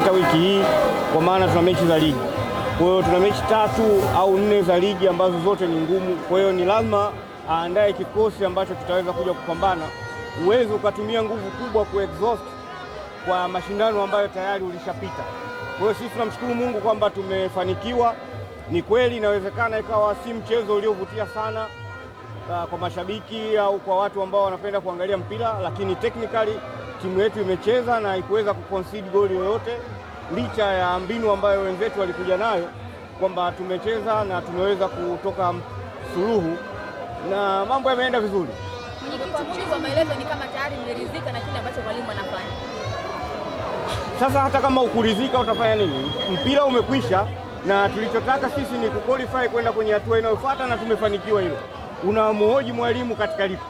mpaka wiki hii, kwa maana tuna mechi za ligi. Kwa hiyo tuna mechi tatu au nne za ligi ambazo zote ni ngumu. Kwa hiyo ni lazima aandae kikosi ambacho kitaweza kuja kupambana. Uwezi ukatumia nguvu kubwa ku exhaust kwa mashindano ambayo tayari ulishapita. Kwa hiyo sisi tunamshukuru Mungu kwamba tumefanikiwa. Ni kweli inawezekana ikawa si mchezo uliovutia sana uh, kwa mashabiki au kwa watu ambao wanapenda kuangalia mpira, lakini technically timu yetu imecheza na haikuweza kuconcede goli yoyote, licha ya mbinu ambayo wenzetu walikuja nayo kwamba tumecheza na tumeweza kutoka suluhu na mambo yameenda vizuri. maelezo ni kama na mwalimu anafanya. Sasa hata kama ukuridhika utafanya nini? Mpira umekwisha, na tulichotaka sisi ni kuqualify kwenda kwenye hatua inayofuata na tumefanikiwa hilo. Unamhoji mwalimu katika lipi?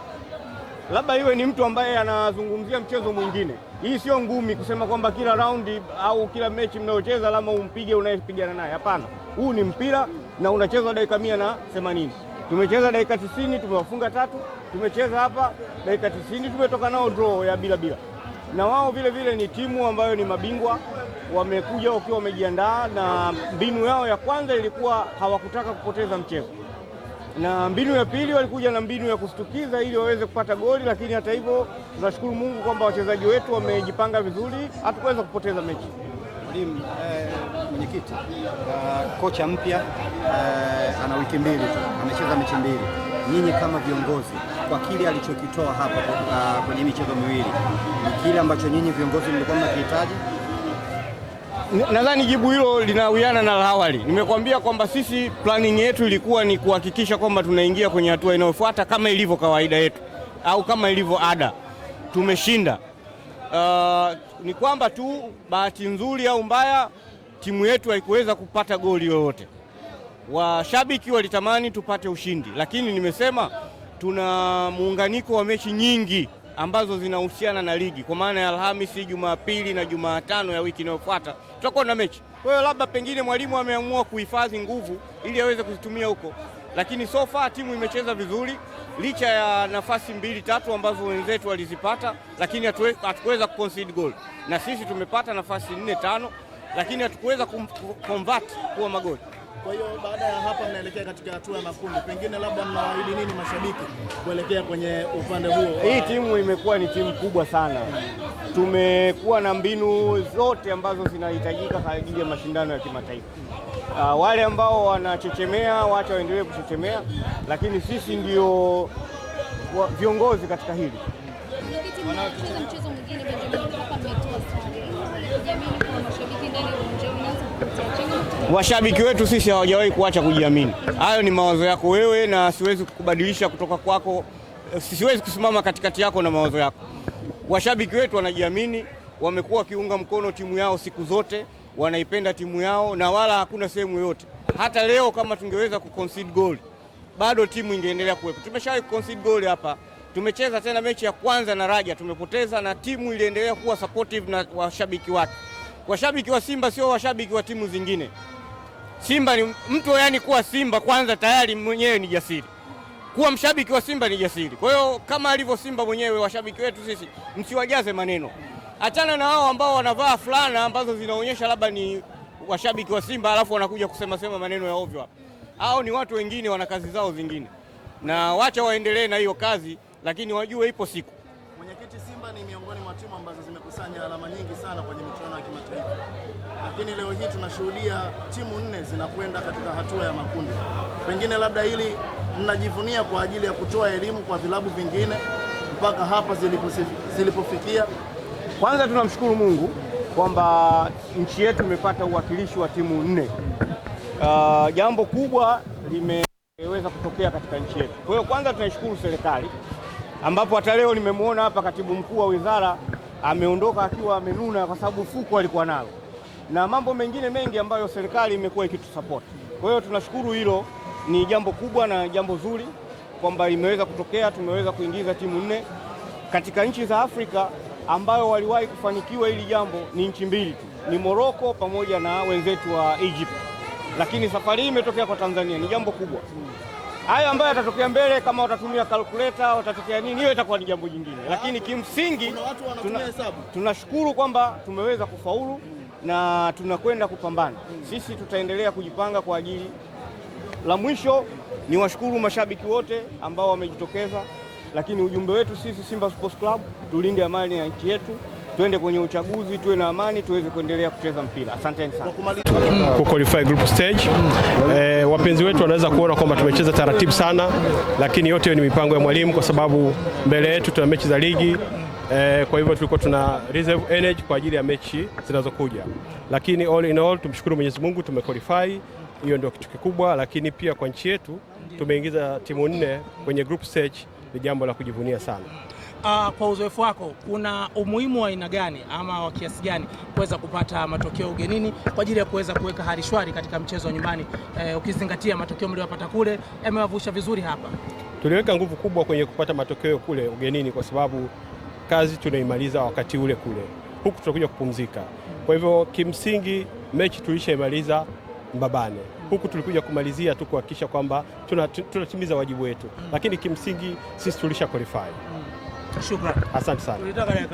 labda iwe ni mtu ambaye anazungumzia mchezo mwingine. Hii sio ngumi kusema kwamba kila raundi au kila mechi mnayocheza lama umpige unayepigana naye. Hapana, huu ni mpira na unachezwa dakika mia na themanini. Tumecheza dakika tisini tumewafunga tatu, tumecheza hapa dakika tisini tumetoka nao draw ya bila bila, na wao vile vile ni timu ambayo ni mabingwa wamekuja wakiwa wamejiandaa, na mbinu yao ya kwanza ilikuwa hawakutaka kupoteza mchezo na mbinu ya pili walikuja na mbinu ya kushtukiza ili waweze kupata goli, lakini hata hivyo tunashukuru Mungu kwamba wachezaji wetu wamejipanga vizuri, hatukuweza kupoteza mechi. Mwalimu eh, mwenyekiti uh, kocha mpya uh, ana wiki mbili tu, amecheza mechi mbili. Nyinyi kama viongozi, kwa kile alichokitoa hapa uh, kwenye michezo miwili, ni kile ambacho nyinyi viongozi mlikuwa mnakihitaji? Nadhani jibu hilo linawiana na awali. Nimekwambia kwamba sisi planning yetu ilikuwa ni kuhakikisha kwamba tunaingia kwenye hatua inayofuata kama ilivyo kawaida yetu au kama ilivyo ada. Tumeshinda. Uh, ni kwamba tu bahati nzuri au mbaya timu yetu haikuweza kupata goli lolote. Washabiki walitamani tupate ushindi, lakini nimesema tuna muunganiko wa mechi nyingi ambazo zinahusiana na ligi, kwa maana ya Alhamisi, Jumapili na Jumatano ya wiki inayofuata tutakuwa na mechi. Kwa hiyo labda pengine mwalimu ameamua kuhifadhi nguvu ili aweze kuzitumia huko, lakini so far timu imecheza vizuri licha ya nafasi mbili tatu ambazo wenzetu walizipata, lakini hatukuweza kuconcede goal, na sisi tumepata nafasi nne tano, lakini hatukuweza kumconvert kuwa magoli. Kwa hiyo baada ya hapa mnaelekea katika hatua ya makundi, pengine labda mnawaahidi nini mashabiki kuelekea kwenye upande huo? Hii timu imekuwa ni timu kubwa sana, tumekuwa na mbinu zote ambazo zinahitajika kwa ajili ya mashindano ya kimataifa. Uh, wale ambao wanachechemea wacha waendelee kuchechemea, lakini sisi ndio viongozi katika hili. washabiki wetu sisi hawajawahi kuacha kujiamini. Hayo ni mawazo yako wewe, na siwezi kukubadilisha kutoka kwako, siwezi kusimama katikati yako na mawazo yako. Washabiki wetu wanajiamini, wamekuwa wakiunga mkono timu yao siku zote, wanaipenda timu yao na wala hakuna sehemu yoyote. Hata leo kama tungeweza kuconcede goal bado timu ingeendelea kuwepo. Tumeshawahi kuconcede goal hapa, tumecheza tena mechi ya kwanza na Raja tumepoteza, na timu iliendelea kuwa supportive na washabiki wake. Washabiki wa Simba sio washabiki wa timu zingine. Simba ni mtu, yani kuwa Simba kwanza tayari mwenyewe ni jasiri, kuwa mshabiki wa Simba ni jasiri. Kwa hiyo kama alivyo Simba mwenyewe, washabiki wetu sisi msiwajaze maneno, achana na wao ambao wanavaa fulana ambazo zinaonyesha labda ni washabiki wa Simba alafu wanakuja kusema sema maneno ya ovyo hapa. Hao ni watu wengine, wana kazi zao zingine, na wacha waendelee na hiyo kazi, lakini wajue ipo siku. Mwenyekiti, Simba ni miongoni mwa timu ambazo zimekusanya alama nyingi sana kwenye michuano ya kimataifa lakini leo hii tunashuhudia timu nne zinakwenda katika hatua ya makundi. Pengine labda hili mnajivunia kwa ajili ya kutoa elimu kwa vilabu vingine mpaka hapa zilipofikia? Kwanza tunamshukuru Mungu kwamba nchi yetu imepata uwakilishi wa timu nne. Uh, jambo kubwa limeweza kutokea katika nchi yetu. Kwa hiyo kwanza tunaishukuru serikali ambapo hata leo nimemwona hapa katibu mkuu wa wizara ameondoka akiwa amenuna kwa sababu fuko alikuwa nalo na mambo mengine mengi ambayo serikali imekuwa ikitusapoti. Kwa hiyo tunashukuru, hilo ni jambo kubwa na jambo zuri kwamba imeweza kutokea. Tumeweza kuingiza timu nne katika nchi za Afrika ambayo waliwahi kufanikiwa hili jambo ni nchi mbili tu, ni Moroko pamoja na wenzetu wa Egypt, lakini safari hii imetokea kwa Tanzania, ni jambo kubwa. Hayo ambayo yatatokea mbele, kama watatumia kalkuleta, watatokea nini, hiyo itakuwa ni jambo jingine, lakini kimsingi tunashukuru tuna kwamba tumeweza kufaulu na tunakwenda kupambana sisi, tutaendelea kujipanga kwa ajili. La mwisho ni washukuru mashabiki wote ambao wamejitokeza, lakini ujumbe wetu sisi Simba Sports Club, tulinde amani ya nchi yetu, tuende kwenye uchaguzi, tuwe na amani, tuweze kuendelea kucheza mpira. Asanteni sana ku qualify group stage. E, wapenzi wetu wanaweza kuona kwamba tumecheza taratibu sana, lakini yote ni mipango ya mwalimu, kwa sababu mbele yetu tuna mechi za ligi Eh, kwa hivyo tulikuwa tuna reserve energy kwa ajili ya mechi zinazokuja, lakini all in all tumshukuru Mwenyezi Mungu tumequalify. Hiyo ndio kitu kikubwa, lakini pia kwa nchi yetu tumeingiza timu nne kwenye group stage, ni jambo la kujivunia sana. Uh, kwa uzoefu wako kuna umuhimu wa aina gani ama wa kiasi gani kuweza kupata matokeo ugenini kwa ajili ya kuweza kuweka hali shwari katika mchezo wa nyumbani? Eh, ukizingatia matokeo mliyopata kule yamewavusha vizuri hapa. Tuliweka nguvu kubwa kwenye kupata matokeo kule ugenini kwa sababu kazi tunaimaliza wakati ule kule, huku tunakuja kupumzika. Kwa hivyo kimsingi mechi tulishaimaliza Mbabane, huku tulikuja kumalizia tu kuhakikisha kwamba tunatimiza wajibu wetu, lakini kimsingi sisi tulisha qualify. asante sana.